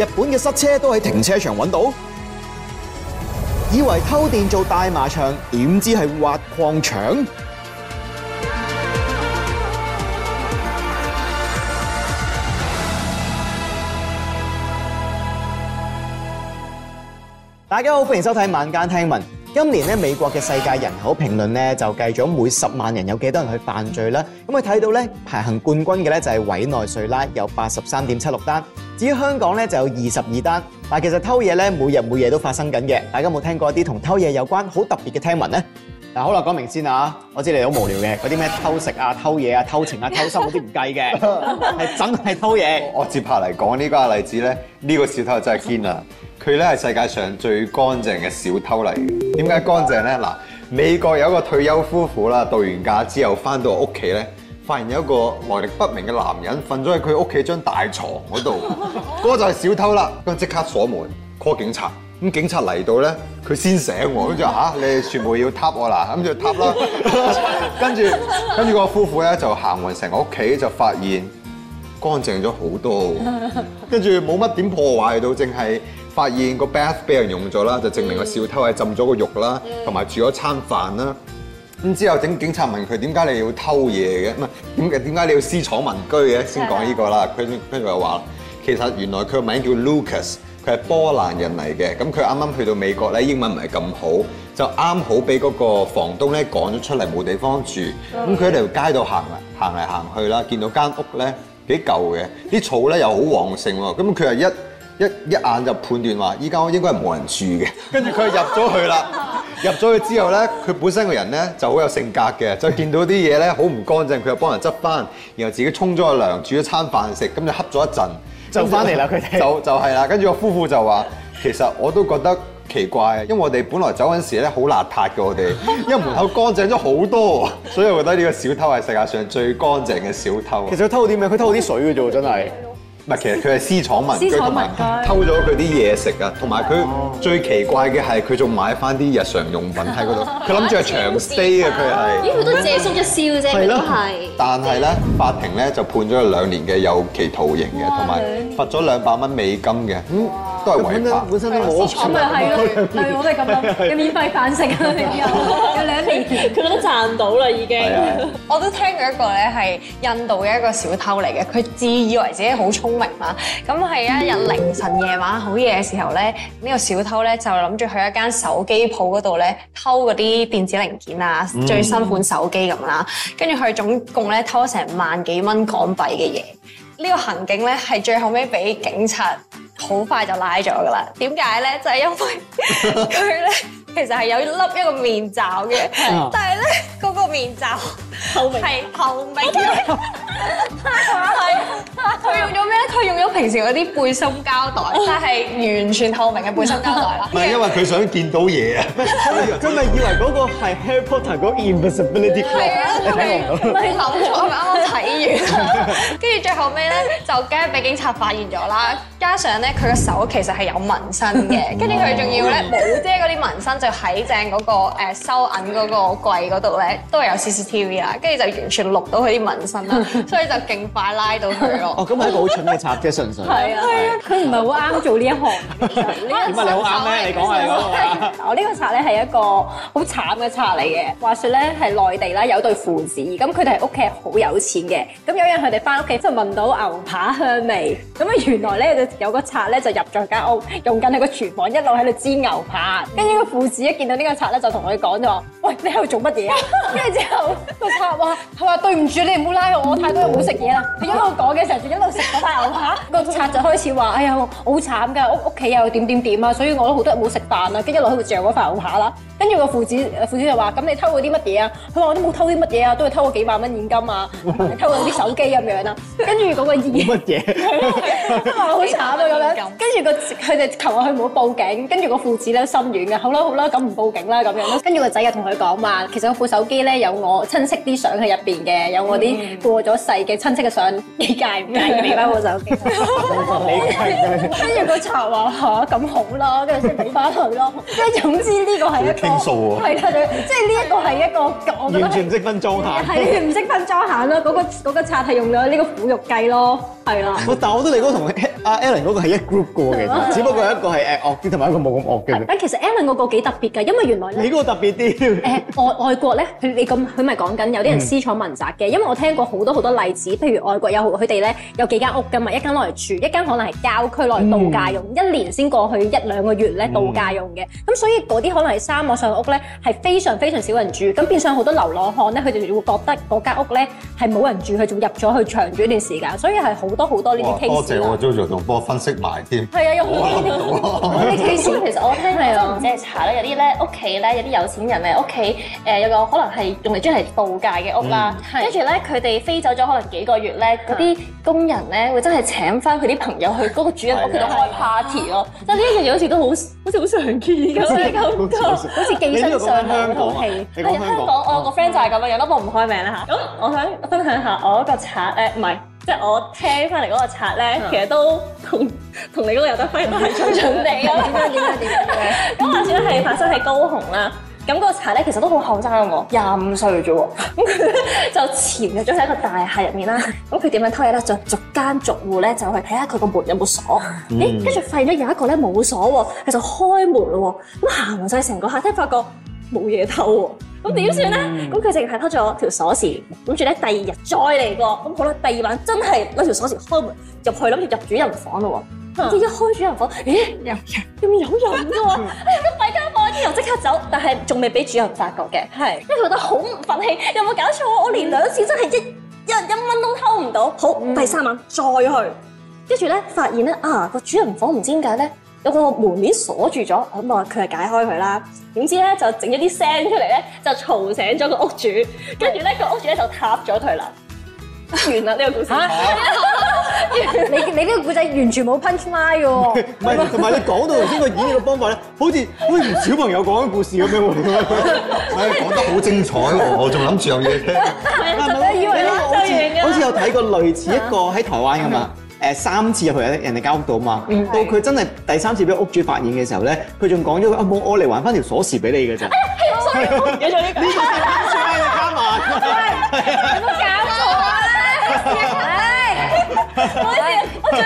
日本嘅失車都喺停車場揾到，以為偷電做大麻場，點知係挖礦場。大家好，歡迎收睇《晚間聽聞》。今年咧，美國嘅世界人口評論咧就計咗每十萬人有幾多人去犯罪啦。咁佢睇到咧，排行冠軍嘅咧就係委內瑞拉，有八十三點七六單。至於香港咧，就有二十二單。但其實偷嘢咧，每日每夜都發生緊嘅。大家有冇聽過啲同偷嘢有關好特別嘅聽聞咧？嗱好啦，講明先啊！我知你好無聊嘅，嗰啲咩偷食啊、偷嘢啊、偷情啊、偷心嗰啲唔計嘅，係、啊、 真係偷嘢。我接下嚟講呢個例子咧，呢、這個小偷真係堅啊！佢咧係世界上最乾淨嘅小偷嚟嘅。點解乾淨咧？嗱，美國有一個退休夫婦啦，度完假之後翻到屋企咧，發現有一個來歷不明嘅男人瞓咗喺佢屋企張大床嗰度，嗰 就係小偷啦，咁即刻鎖門 call 警察。咁警察嚟到咧，佢先醒喎，咁就嚇、 啊、你哋全部要塌我啦，咁住塌啦。跟住跟住個夫婦咧就行完成個屋企就發現乾淨咗好多，跟住冇乜點破壞到，淨係發現個 bath 被人用咗啦，就證明個小偷係浸咗個浴啦，同埋 煮咗餐飯啦。咁之後整警察問佢點解你要偷嘢嘅？唔係點點解你要私闖民居嘅？先講呢、呢個啦。佢跟住又話其實原來佢個名叫 Lucas。佢係波蘭人嚟嘅，咁佢啱啱去到美國咧，英文唔係咁好，就啱好俾嗰個房東咧趕咗出嚟，冇地方住，咁佢喺條街度行嚟行嚟行去啦，見到間屋咧幾舊嘅，啲草咧又好旺盛喎，咁佢係一一一眼就判斷話依間屋應該係冇人住嘅，跟住佢入咗去啦， 入咗去之後咧，佢本身個人咧就好有性格嘅，就見到啲嘢咧好唔乾淨，佢又幫人執翻，然後自己沖咗個涼，煮咗餐飯食，咁就瞌咗一陣。就翻嚟啦！佢哋就就係、是、啦，跟住個夫婦就話：其實我都覺得奇怪，因為我哋本來走嗰時咧好邋遢嘅，我哋， 因為門口乾淨咗好多，所以我覺得呢個小偷係世界上最乾淨嘅小偷。其實佢偷啲咩？佢偷啲水嘅啫，真係。其實佢係私闖民居同埋偷咗佢啲嘢食啊，同埋佢最奇怪嘅係佢仲買翻啲日常用品喺嗰度，佢諗住係長 stay 嘅佢係。咦，佢都借宿一宵啫，都係。但係咧，法庭咧就判咗佢兩年嘅有期徒刑嘅，同埋罰咗兩百蚊美金嘅。都係本身本身、嗯、都好慘啊！係咯、嗯，係我哋咁咯，免費飯食啊！係係係你知啊，有兩年佢都賺到啦已經。係係 我都聽過一個咧係印度嘅一個小偷嚟嘅，佢自以為自己好聰明啦。咁係一日凌晨晚夜晚好夜嘅時候咧，呢、呢個小偷咧就諗住去一間手機鋪嗰度咧偷嗰啲電子零件啊、最新款手機咁啦。跟住佢總共咧偷成萬幾蚊港幣嘅嘢。呢、呢個行徑咧係最後尾俾警察。好快就拉咗㗎喇，點解呢？就係、是、因為佢呢。 其實係有一粒一個面罩嘅，但係咧嗰個面罩透明係透明嘅，佢 用咗咩咧？佢用咗平時嗰啲背心膠袋，但係完全透明嘅背心膠袋啦。唔係因為佢想見到嘢啊，佢未 對以為嗰個係 Harry Potter 嗰個 Invisibility Cloak，係啊，佢諗住，啱啱睇完，跟住 最後尾咧就驚俾警察發現咗啦，加上咧佢個手其實係有紋身嘅，跟住佢仲要咧冇遮嗰啲紋身。就喺正嗰，那個，啊，收銀嗰個櫃嗰度咧，都係有 CCTV 啦，跟住就完全錄到佢啲紋身啦， 所以就勁快拉到佢咯。哦，咁係一個好蠢嘅賊，即係 純粹係啊！佢唔係好啱做呢一行。點解 實你好啱咧？你講係咁啊？我，這個、呢個賊咧係一個好慘嘅賊嚟嘅。話説咧係內地啦，有對父子，咁佢哋係屋企好有錢嘅。咁有一日佢哋返屋企，就聞到牛扒香味。咁啊，原來咧就有個賊咧就入咗間屋，用緊喺個廚房一路喺度煎牛扒，跟住，嗯，個父。一見到呢個賊咧，就同佢講咗，喂，你喺度做乜嘢啊？跟住之後個賊話，佢話對唔住，你唔好拉我，我太多日冇食嘢啦。佢 一路講嘅時候，就一路食嗰塊牛扒。 個賊就開始話，哎呀，好慘㗎，屋屋企又點點點啊，所以我都好多日冇食飯啦。跟一路喺度嚼嗰塊牛扒啦。跟住個父子父子就話，咁你偷過啲乜嘢啊？佢話，我都冇偷啲乜嘢啊，都係偷過幾萬蚊現金啊， 你偷過啲手機咁樣啦。跟住嗰個二乜嘢？話好慘啊！咁樣。跟住個佢哋求我佢唔好報警。跟住個父子咧心軟嘅，好啦好啦咁唔報警啦咁樣咯，跟住個仔又同佢講話，其實我副手機咧有我親戚啲相喺入邊嘅，有我啲過咗世嘅親戚嘅相，你介唔介意俾翻個手機？跟住個賊話吓，咁好啦，跟住先俾翻佢咯。即係總之呢個係一個，係啦，即係呢一個係一個，我覺得完全唔識分裝下，係唔識分裝下咯。嗰個嗰個賊係用咗呢個苦肉計咯，係啦。但我都你嗰同阿 Ellen 嗰個係一 group 過嘅，只不過一個係誒惡啲，同埋一個冇咁惡嘅。其實 Ellen 嗰個幾大？特別㗎，因為原來你嗰個特別啲。誒、呃、外外國咧，你咁佢咪講緊有啲人私闖民宅嘅，嗯、因為我聽過好多好多例子，譬如外國有佢哋咧有幾間屋㗎嘛，一間攞嚟住，一間可能係郊區攞嚟度假用，嗯、一年先過去一兩個月咧、嗯、度假用嘅。咁、嗯、所以嗰啲可能係沙漠上屋咧，係非常非常少人住，咁變相好多流浪漢咧，佢哋就會覺得嗰間屋咧係冇人住，佢仲入咗去長住一段時間，所以係好多好多呢啲。多謝，謝我 JoJo 仲 jo，幫我分析埋添。係啊，有好多呢啲呢啲 case，其實我聽 實都唔知查啲咧屋企咧有啲有，有錢人咧屋企誒又有個可能係用嚟專嚟度假嘅屋啦，跟住咧佢哋飛走咗可能幾個月咧，嗰啲、嗯、工人咧會真係請翻佢啲朋友去嗰個主人屋企度開 party 咯的，即係呢一樣嘢好似都好好似好常見咁樣嘅感覺，好似寄生上流香港、啊、香港。喺香港我有個 friend 就係咁樣，有得報唔開名啦咁、嗯、我想分享下我一個賊唔係。呃即係我聽翻嚟嗰個賊咧，其實都同同你嗰個有得揮係處準備咁。咁主要係發生喺高雄啦。咁、那、嗰個賊咧其實都好後生喎，廿五歲啫喎。就潛入咗喺一個大廈入面啦。咁佢點樣偷嘢咧？就逐間逐戶咧，就去睇下佢個門有冇鎖。咦、嗯，跟住、欸、發現咗有一個咧冇鎖喎，佢就開門咯喎。咁行曬成個客廳，發覺。冇嘢偷喎，咁點算咧？咁佢淨係偷咗條鎖匙，跟住咧第二日再嚟過，咁好啦。第二晚真係攞條鎖匙開門入去，諗住入主人房嘞喎。即係一開主人房，咦，有人，點有人嘅喎？我費家房先又即刻走，但係仲未俾主人發覺嘅。係，因為佢覺得好唔忿氣，有冇搞錯？我連兩次真係一一一蚊都偷唔到。好，第三晚再去，跟住咧發現咧啊，個主人房唔知點解咧。有個門面鎖住咗，咁啊佢係解開佢啦。點知咧就整咗啲聲出嚟咧，就嘈醒咗個屋主，跟住咧個屋主咧就撻咗佢啦。完啦呢、呢個故事。你你呢個故仔完全冇 punch line 嘅。唔係，同埋你講到頭先個演繹嘅方法咧，好似好似小朋友講嘅故事咁樣喎。哎， 講得好精彩喎！我仲諗住有嘢聽。好似有睇過類似一個喺台灣嘅嘛。嗯誒三次入去咧，人哋間屋度啊嘛，到佢真係第三次俾屋主發現嘅時候咧，佢仲講咗：啊冇，我嚟還翻條鎖匙俾你嘅啫。係鎖匙，又做啲咩啊嘛？唔好搞我我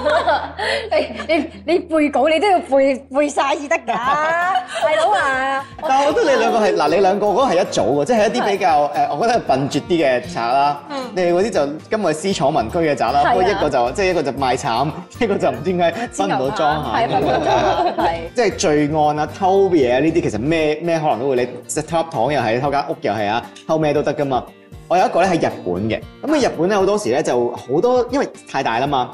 你你你背稿你都要背背晒至得噶，大佬 啊！但係是我覺得、啊、你兩個係嗱，你兩個嗰係一組噶，即係一啲比較誒，我覺得笨拙啲嘅賊啦。嗯，你哋嗰啲就今日私闖民居嘅賊啦，不過、啊、一個就即係一,一個就賣慘，一個就唔知點解分唔到贓下。係，係、啊，係，係。即係 是 罪案啊、偷嘢啊，呢啲其實咩咩可能都會，你偷粒糖又係，偷間屋又係啊，偷咩都得噶嘛。我有一個咧喺日本嘅，咁啊日本咧好多時咧就好多，因為太大啦嘛。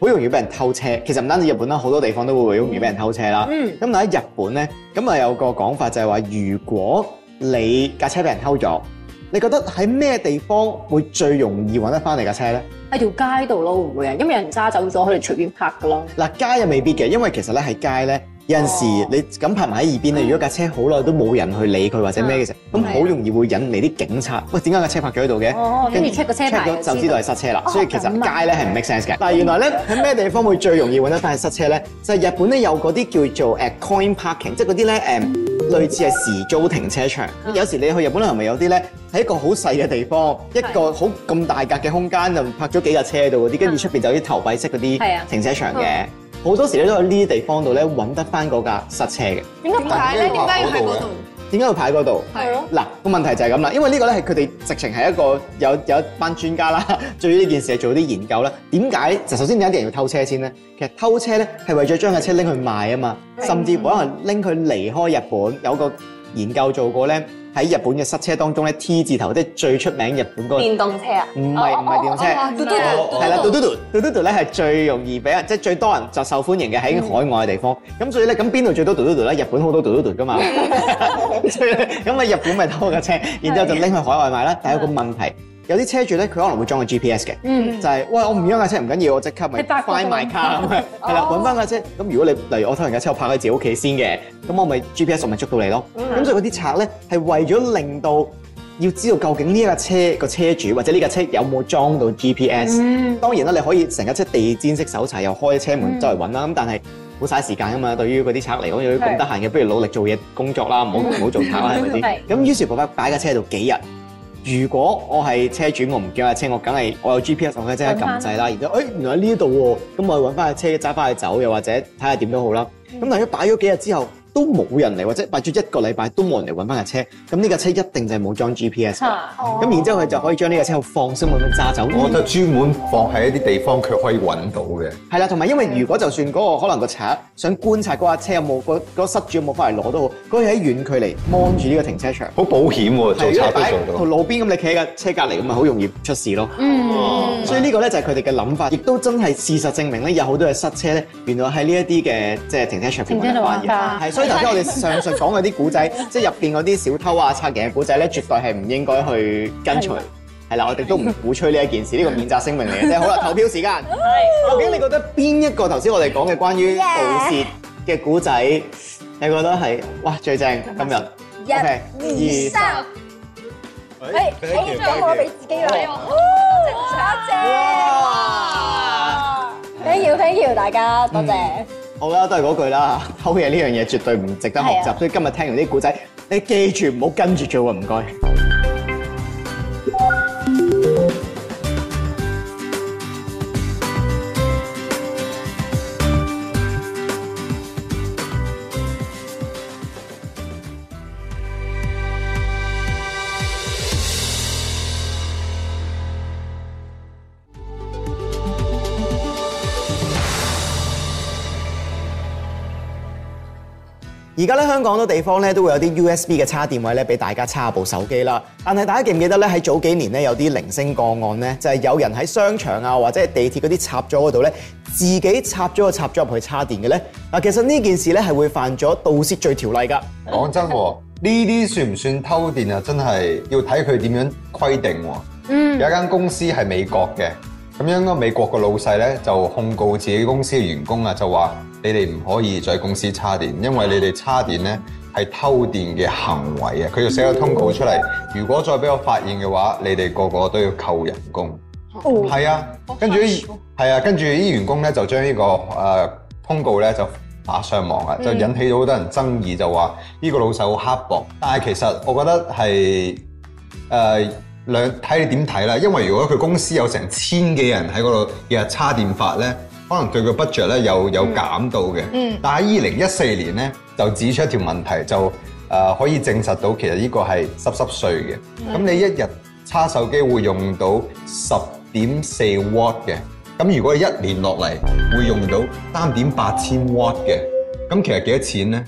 好容易俾人偷車，其實唔單止日本啦，好多地方都會好容易俾人偷車啦。咁、嗯、但喺日本咧，咁啊有個講法就係、是、話，如果你架車俾人偷咗，你覺得喺咩地方會最容易揾得翻你架車咧？喺條街度咯，會唔會啊？因為有人揸走咗，佢哋隨便拍噶咯。嗱、呃，街又未必嘅，因為其實咧喺街咧。有陣時你咁泊埋喺耳邊咧，如果架車好耐都冇人去理佢或者咩嘅時候，咁好容易會引嚟啲警察。喂，點解架車泊咗喺度嘅？哦，跟住 check 個車 check 咗就知道係失車啦。所以其實街咧係唔 make sense 嘅。但係原來咧喺咩地方會最容易揾得返一班失車咧？就係日本咧有嗰啲叫做誒 coin parking，即係嗰啲咧誒類似係時租停車場。咁有時你去日本咧，係咪有啲咧係一個好細嘅地方，一個好咁大格嘅空間就泊咗幾架車喺度嗰啲，跟住出邊就有啲投幣式嗰啲停車場嘅。好多時咧都喺呢啲地方度咧揾得翻嗰架失車嘅。點解？點解要喺嗰度？點解要泊嗰度？係咯的。嗱，個問題就係咁啦，因為呢個咧係佢哋直情係一個有有一班專家啦，對於呢件事係做啲研究啦。點解就首先點解啲人要偷車先咧？其實偷車咧係為咗將架車拎去賣啊嘛，對甚至可能拎佢離開日本。有個研究做過咧。喺日本嘅失車當中咧，T 字頭即係最出名日本嗰，電動車啊，唔係唔係電動車，係啦，嘟嘟嘟嘟嘟嘟咧係最容易俾人即係最多人就受歡迎嘅喺海外嘅地方。咁所以咧咁邊度最多嘟嘟嘟咧？日本好多嘟嘟嘟㗎嘛，所以咁啊日本咪偷我架車，然之後就拎去海外賣啦。但係有個問題。有啲車主咧，佢可能會裝個 GPS 嘅，就係，喂，我唔掕架車唔緊要，我即刻咪。你帶卡，係啦，揾翻架車。咁如果你例如我偷人架車，我泊喺自己屋企先嘅，咁我咪 GPS 咪捉到你咯。咁所以嗰啲賊咧係為咗令到要知道究竟呢一架車個車主或者呢架車有冇裝到 GPS。當然啦，你可以成架車地氈式搜查，又開車門周圍揾啦。咁但係好嘥時間啊嘛。對於嗰啲賊嚟講，有啲咁得閒嘅？不如努力做嘢工作啦，唔好唔好做賊係咪先？咁於是乎擺架車喺度幾日。如果我係車主，我唔見架車，我梗係我有 GPS，我梗係即刻撳掣啦。然之後，誒，原來喺呢度喎，咁我揾翻架車，揸翻去走，又或者睇下點都好啦。咁但係如果擺咗幾日之後，都冇人嚟，或者擺住一個禮拜都冇人嚟揾翻架車，咁呢架車一定就係冇裝 GPS 嘅。咁、啊、然之後佢就可以將呢架車放心咁樣揸走。我覺得專門放喺一啲地方，佢可以揾到嘅。係啦、嗯，同埋因為如果就算嗰、嗰個可能個賊想觀察嗰架車有冇、嗰個嗰失主有冇翻嚟攞都好，佢喺遠距離望住呢個停車場，好、嗯、保險喎。做賊都做到。路邊咁你企喺架車隔離咁咪好容易出事咯。嗯嗯、所以呢個咧就係佢哋嘅諗法，亦都真係事實證明咧，有好多嘅失車咧，原來喺呢一啲嘅即係停車場嘅關係。所以頭先我哋上述講嘅啲古仔，即係入邊嗰啲小偷啊、拆牆嘅古仔咧，絕對係唔應該去跟隨。係啦，我哋都唔鼓吹呢一件事，呢個免責聲明嚟嘅。即係好啦，投票時間。究竟你覺得邊一個頭先我哋講嘅關於盜竊嘅古仔，你覺得係？哇，最正今日一、二、三。誒，俾張我俾自己啦。哇！多謝。Thank you，Thank you，大家多謝。好啦、哦，都係嗰句啦，偷嘢呢樣嘢絕對唔值得學習。啊、所以今日聽完啲故仔，你記住唔好跟住做啊！唔該。而家咧，香港好多地方咧都會有啲 USB 嘅插電位咧，俾大家插部手機啦。但係大家記唔記得咧？喺早幾年咧，有啲零星個案咧，就係、是、有人喺商場啊，或者係地鐵嗰啲插蘇嗰度咧，自己插咗個插咗入去插電嘅咧。嗱，其實呢件事咧係會犯咗盜竊罪條例㗎。講真喎，呢啲算唔算偷電啊？真係要睇佢點樣規定喎。嗯。有一間公司係美國嘅，咁樣個美國個老細咧就控告自己公司嘅員工啊，就話。你哋唔可以在公司叉電，因為你哋叉電呢係偷電嘅行為啊！佢要寫個通告出嚟，如果再俾我發現嘅話，你哋個個都要扣人工。哦、oh，啊，係啊，跟住，係啊，跟住啲員工呢，就將呢、這個誒、呃、通告呢就打上網啊，嗯、就引起咗好多人爭議，就話呢個老細好刻薄。但係其實我覺得係誒兩睇你點睇啦，因為如果佢公司有成千幾人喺嗰度日叉電法呢。可能對個 budget 咧有有減到嘅。嗯嗯、但係二零一四年咧就指出一條問題，就誒、呃、可以證實到其實呢個係濕濕碎嘅。咁、嗯、你一日叉手機會用到十點四瓦嘅，咁如果一年落嚟會用到三點八千瓦嘅，咁其實幾多錢咧？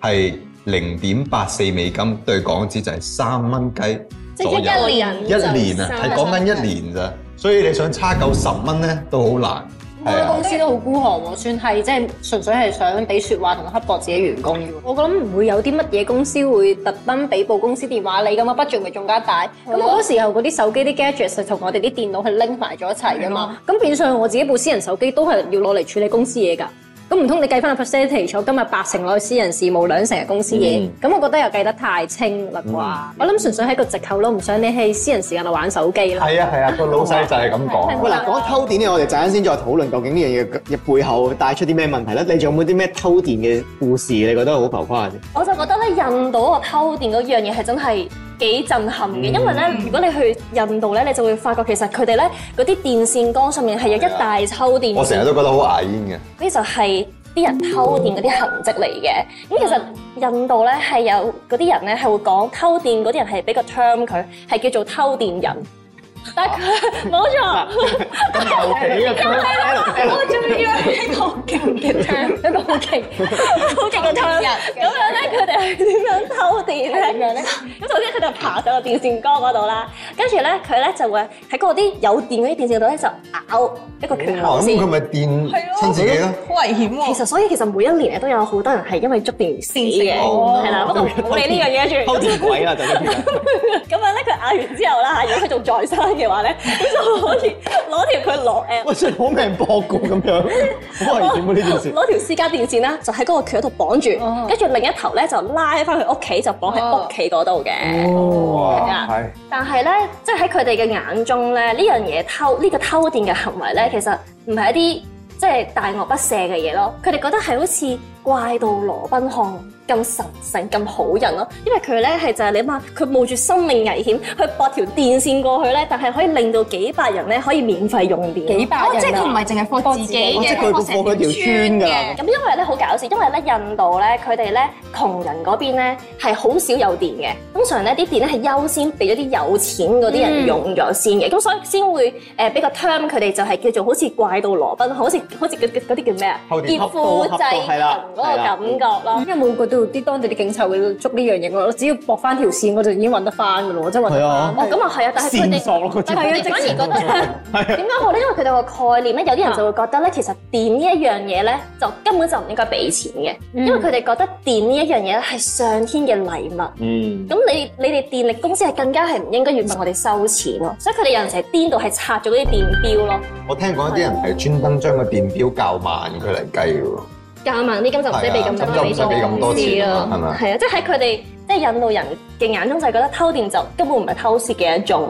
係零點八四美金對港紙就係三蚊雞。即係一年，一年啊，係講緊一年咋，所以你想叉夠十蚊咧都好難。啲公司都好孤寒喎，算係即係純粹係想俾説話同刻薄自己員工嘅。我諗唔會有啲乜嘢公司會特登俾部公司電話你㗎嘛，budget 咪仲加大。咁好多時候嗰啲手機啲 gadgets 係同我哋啲電腦係拎埋咗一齊㗎嘛。咁變相我自己部私人手機都係要攞嚟處理公司嘢㗎。咁唔通你計翻個 percentage？我今日八成攞去私人事務，兩成係公司嘢。咁、嗯、我覺得又計得太清啦啩。嗯、我諗純粹喺個藉口咯，唔想你喺私人時間度玩手機啦。係啊係啊，個、啊、老細就係咁講。喂嗱哇，講偷電咧，我哋陣間先再討論究竟呢樣嘢嘅背後帶出啲咩問題咧。你仲有冇啲咩偷電嘅故事？你覺得好浮誇嘅？我就覺得咧，印度個偷電嗰樣嘢係真係。幾震撼嘅，因為咧，如果你去印度咧，你就會發覺其實佢哋咧，嗰啲電線杆上面係有一大抽電。我成日都覺得好牙煙嘅。呢就係啲人偷電嗰啲痕跡嚟嘅。咁、嗯嗯嗯、其實印度咧係有嗰啲人咧係會講偷電嗰啲人係俾個 term 佢係叫做偷電人。但佢冇錯，又係啦！我仲以為係一個好勁，一個好勁好勁嘅偷人咁樣咧，佢哋係點樣偷電咧？咁首先佢哋爬上個電線桿嗰度啦，跟住咧佢咧就會喺嗰啲有電嗰啲電線度咧就咬一個拳頭先。咁佢咪電親自己咯？好危險喎！其實所以其實每一年咧都有好多人係因為觸電而死嘅，係啦。不過我哋呢樣嘢好鬼啦，就打完之後啦，如果佢仲再生嘅話咧， 就可以攞，條佢落。誒， 喂，即係攞命博過咁樣，好呢件事，攞條私家電線啦，就喺嗰個橋度綁住，跟住另一頭咧就拉翻佢屋企，就綁喺屋企嗰度嘅。係。但係咧，即係喺佢哋嘅眼中咧，呢樣嘢偷呢、呢個偷電嘅行為咧，其實唔係一啲即係大惡不赦嘅嘢咯。佢哋覺得係好似。怪盜羅賓漢咁神聖，咁好人咯、啊，因為佢咧係就係、是、你諗下，佢冒住生命危險去駁條電線過去咧，但係可以令到幾百人咧可以免費用電。幾百人即係佢唔係淨係放自己、啊，即係佢要過成條村嘅。咁、嗯嗯、因為咧好搞笑，因為咧印度咧佢哋咧窮人嗰邊咧係好少有電嘅，通常咧啲電咧係優先俾咗啲有錢嗰啲人、嗯、用咗先嘅，咁、嗯、所以先會誒俾、呃、個 term 佢哋就係叫做好似怪盜羅賓，好似好似嗰啲叫咩啊？劫富濟，係啦。嗰個感覺咯，啊、因為每個都啲當地啲警察會捉呢樣嘢，我只要駁翻條線，我就已經揾得翻噶咯，即係揾咁啊係啊，但係佢哋係啊，反而、啊啊、覺得咧，點解好咧？因為佢哋個概念咧，有啲人就會覺得咧，其實電呢一樣嘢咧，就根本就唔應該俾錢嘅，嗯、因為佢哋覺得電呢一樣嘢咧係上天嘅禮物。嗯。咁你你哋電力公司係更加係唔應該要問我哋收錢、嗯、咯，所以佢哋有陣時喺邊度係拆咗啲電錶咯。我聽講一啲人係專登將個電錶較慢佢嚟計喎。夾埋啲金就唔使俾咁多，唔使咁多錢咯，係咪啊？係、嗯、係啊，即係喺佢哋印度人嘅眼中就係覺得偷電就根本唔係偷竊嘅一種。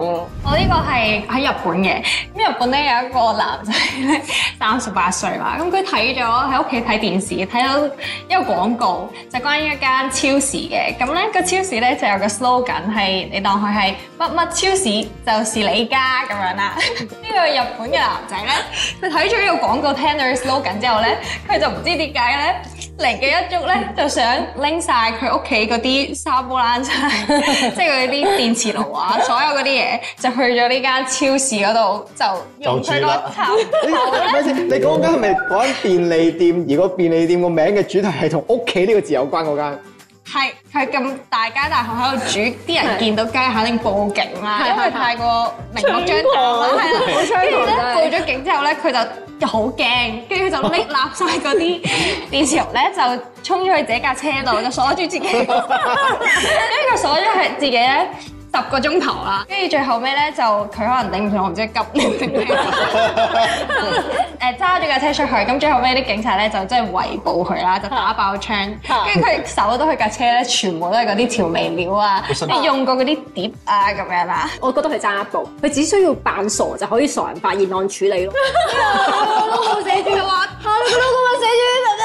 我呢個係喺日本嘅，咁日本咧有一個男仔咧，三十八歲啦。咁佢睇咗喺屋企睇電視睇到一個廣告，就關於一間超市嘅。咁、那、咧個超市咧就有個 slogan 係你當佢係乜乜超市就是你家咁樣啦。呢 個日本嘅男仔咧，佢睇咗呢個廣告聽到 slogan 之後咧，佢就唔知點解咧嚟嘅一族咧，就想拎晒佢屋企嗰啲。瓦煲冷茶，即係佢啲電磁爐啊， 所有嗰啲嘢就去咗呢間超市嗰度就用。用佢啦。唔 該、欸、 你講嗰間係咪講緊便利店？而個便利店個名嘅主題係同屋企呢個字有關嗰間？係，佢咁大間大學喺度煮，啲人見到街下定報警啦，因為太過明目張膽啦。跟住咧報咗警之後咧，佢就好驚，跟住佢就匿立曬嗰啲電視油咧，就衝咗去自己架車度，就鎖住自己，跟住鎖咗係自己咧。十個鐘頭啦，跟住最後尾咧就佢可能頂唔順，我唔知急咩，誒揸咗架車出去，咁最後尾啲警察咧就真係圍捕佢啦，就打爆槍，跟住佢搜到佢架車咧，全部都係嗰啲調味料 啊，用過嗰啲碟啊咁樣啦，我覺得佢爭一步，佢只需要扮傻就可以傻人發現案處理咯。老公 寫住話下你個老公寫住咩咩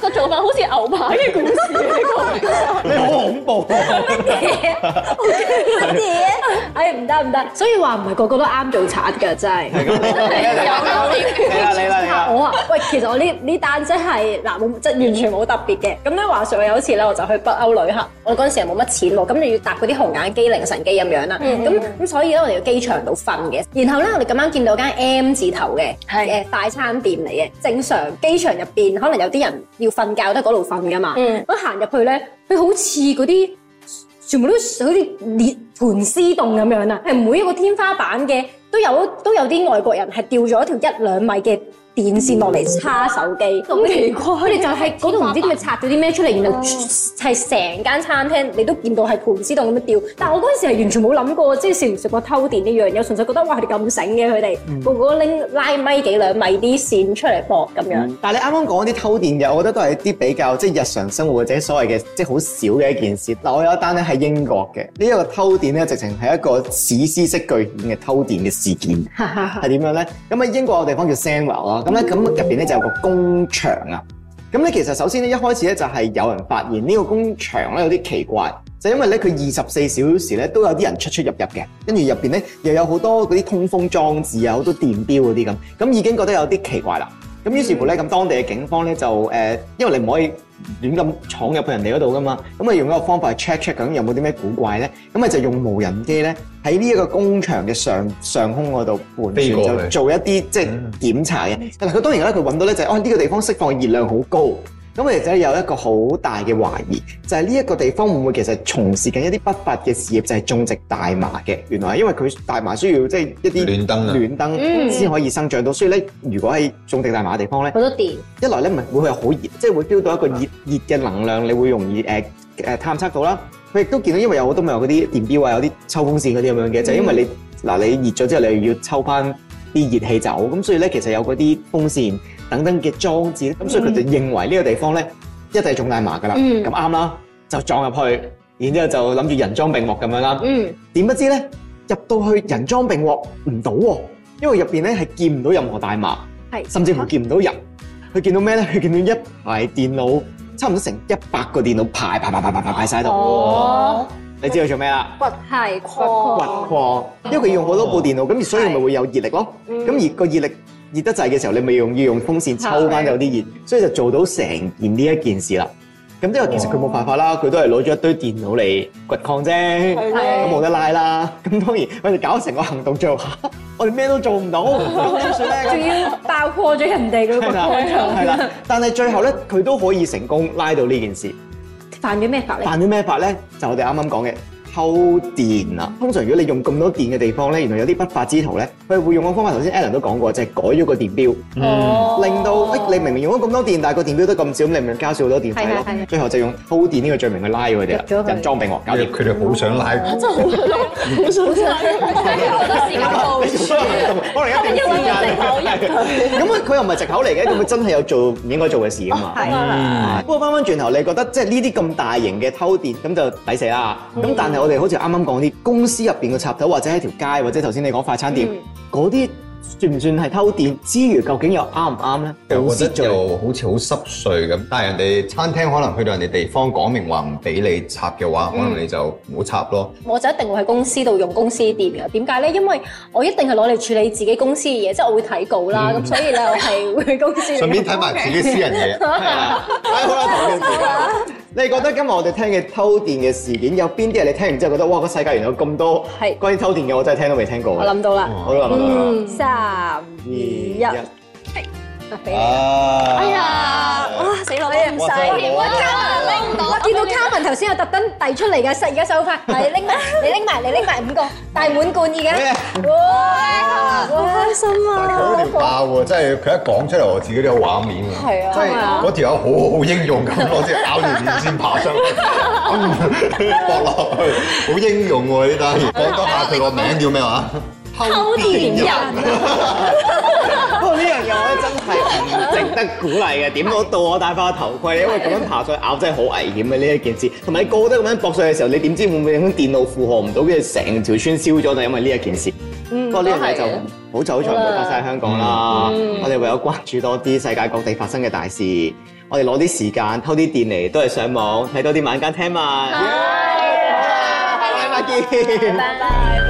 做法好似牛扒嘅故事， 你好恐怖、啊！乜嘢？O.K. 咁嘢？哎，唔得唔得，所以話唔係個個都啱做賊㗎，真係。你啦， 你 我啊，喂， 其實我呢呢單真係嗱，冇、啊、即係完全冇特別嘅。咁咧，話說我有一次咧，我就去北歐旅行。我嗰陣時又冇乜錢喎，咁就要搭嗰啲紅眼機、凌晨機咁樣啦。咁咁、嗯，所以咧我哋喺機場度瞓嘅。然後咧我哋咁啱見到間 M 字頭嘅嘅快餐店嚟嘅。正常機場入邊可能有啲人要瞓覺都喺嗰度瞓㗎嘛，咁行入去咧，佢好似嗰啲全部都好似裂盤絲洞咁樣啊！係每一個天花板嘅都有都有啲外國人係掉咗一條一兩米嘅。電線落嚟叉手機、嗯，咁奇怪，佢哋就喺嗰度唔知點解拆咗啲咩出嚟，啊、然後係成間餐廳你都見到係盤絲洞咁樣吊。但係我嗰陣時係完全冇諗過，即係食唔食過偷電呢樣嘢，純粹覺得哇你咁醒嘅佢哋，嗯、個個拎拉米幾兩米啲線出嚟搏咁樣。嗯、但係你啱啱講啲偷電嘅，我覺得都係一啲比較即係、就是、日常生活或者所謂嘅即係好少嘅一件事。嗱，我有一單咧係英國嘅呢一個偷電呢直情係一個史詩式巨獻嘅偷電嘅事件，係點樣呢？咁喺英國嘅地方叫 Senna 咁咧，咁入、嗯、邊就有個工場啊。咁咧，其實首先一開始就係有人發現呢個工場有啲奇怪，就是、因為佢二十四小時都有啲人出出入入嘅，跟住入面又有好多嗰啲通風裝置啊，好多電錶嗰啲咁，已經覺得有啲奇怪啦。咁於是乎咧，咁當地嘅警方咧就誒、呃，因為你唔可以亂咁闖入去人哋嗰度噶嘛，咁啊用一個方法去 check check 緊有冇啲咩古怪咧，咁啊就用無人機咧喺呢一個工場嘅上上空嗰度盤旋，就做一啲即係檢查嘅。嗱、嗯，佢當然咧，佢揾到咧就係，哦、啊、呢、呢個地方釋放熱量好高。咁我哋就有一個好大嘅懷疑，就係呢一個地方會唔會其實從事緊一啲不法嘅事業，就係、是、種植大麻嘅？原來係因為佢大麻需要即係一啲暖燈暖燈先可以生長到。嗯、所以咧，如果喺種植大麻嘅地方咧，好多電。一來咧唔係會好熱，即、就、係、是、會飆到一個熱熱嘅能量，你會容易誒誒、呃、探測到啦。佢亦都見到，因為有好多咪有嗰啲電錶啊，有啲抽風扇嗰啲咁樣嘅，就是、因為你嗱、嗯呃、你熱咗之後，你又要抽翻啲熱氣走，咁所以咧其實有嗰啲風扇。等等嘅裝置咧，咁所以佢哋認為呢個地方咧一定係種大麻㗎啦，咁啱啦，就撞入去，然之後就諗住人贓並獲咁樣啦，點不知咧入到去人贓並獲唔到喎，因為入邊咧係見唔到任何大麻，甚至乎見唔到人，佢見到咩咧？佢見到一排電腦，差唔多成一百個電腦排排排排排排排晒喺度你知道做咩啦？掘礦，掘礦，因為佢用好多部電腦，咁所以咪會有熱力咯，咁而個熱力。熱得滯嘅時候，你咪用要用風扇抽翻有啲熱，所以就做到成件呢一件事啦。咁因為其實佢冇辦法啦，佢都係攞咗一堆電腦嚟掘礦啫，冇得拉啦。咁當然我哋搞成個行動最後，我哋咩都做唔到，仲要爆破咗人哋嘅掘礦組。係啦，但係最後咧，佢都可以成功拉到呢件事。犯咗咩法咧？犯咗咩法咧？就我哋啱啱講嘅。偷電啊！通常如果你用咁多電嘅地方咧，原來有啲不法之徒咧，佢會用個方法。頭先 Alan 都講過，就係、是、改咗個電錶，mm. 令到、哎、你明明用咗咁多電，但係個電錶都咁少，咁你咪交少好多電費咯。最後就用偷電呢個罪名去拉佢哋啦，人裝備我，搞住佢哋好想拉，好 想拉，可能一定時間嚟，咁佢又唔係藉口嚟嘅，咁佢真係有做唔應該做嘅事啊嘛。不過翻返轉頭，你覺得即係呢啲咁大型嘅偷電咁就抵死啦。咁但係。我哋好似啱啱講啲公司入邊嘅插頭，或者喺條街，或者頭先你講快餐店啲。嗯算唔算係偷電之餘，究竟又啱唔啱咧？我覺得就好似好濕碎咁，但係人哋餐廳可能去到人哋地方講明話唔俾你插嘅話，嗯、可能你就唔好插咯。我就一定會喺公司度用公司嘅電嘅，點解咧？因為我一定係攞嚟處理自己公司嘅嘢，即係我會睇稿啦，咁、嗯、所以咧係去公司。 順便睇埋自己私人嘢。好啦，唐女 你覺得今日我哋聽嘅偷電嘅事件有邊啲人？你聽完之後覺得哇，個世界原來有咁多關於偷電嘅，我真係聽都未聽過。是我諗到啦，我都諗到三二一，哎呀，哇死咯，咁細，卡文拎唔到，我見到卡文頭先有特登遞出嚟嘅，實而家手快，你拎埋，你拎埋，你拎埋五個大滿貫而家，哇，好開心啊，爆啊。真係佢一講出嚟我自己都有畫面啊，即係嗰條友好好英勇咁，我先咬住住先爬上去搏落去，好英勇喎，但係講多下佢個名叫咩話？偷電人，不過呢樣嘢我覺得真係唔值得鼓勵嘅。點都到我戴翻個頭盔，因為咁樣爬上去咬真係好危險嘅呢一件事。同埋你個個咁樣駁上嘅時候，你點知會唔會令到電腦負荷唔到，跟住成條村燒咗就因為呢一件事。不過呢樣嘢就好在好在冇發生喺香港啦。我哋唯有關注多啲世界各地發生嘅大事。我哋攞啲時間偷啲電嚟都係上網睇多啲晚間聽聞。拜拜，下禮拜見拜拜。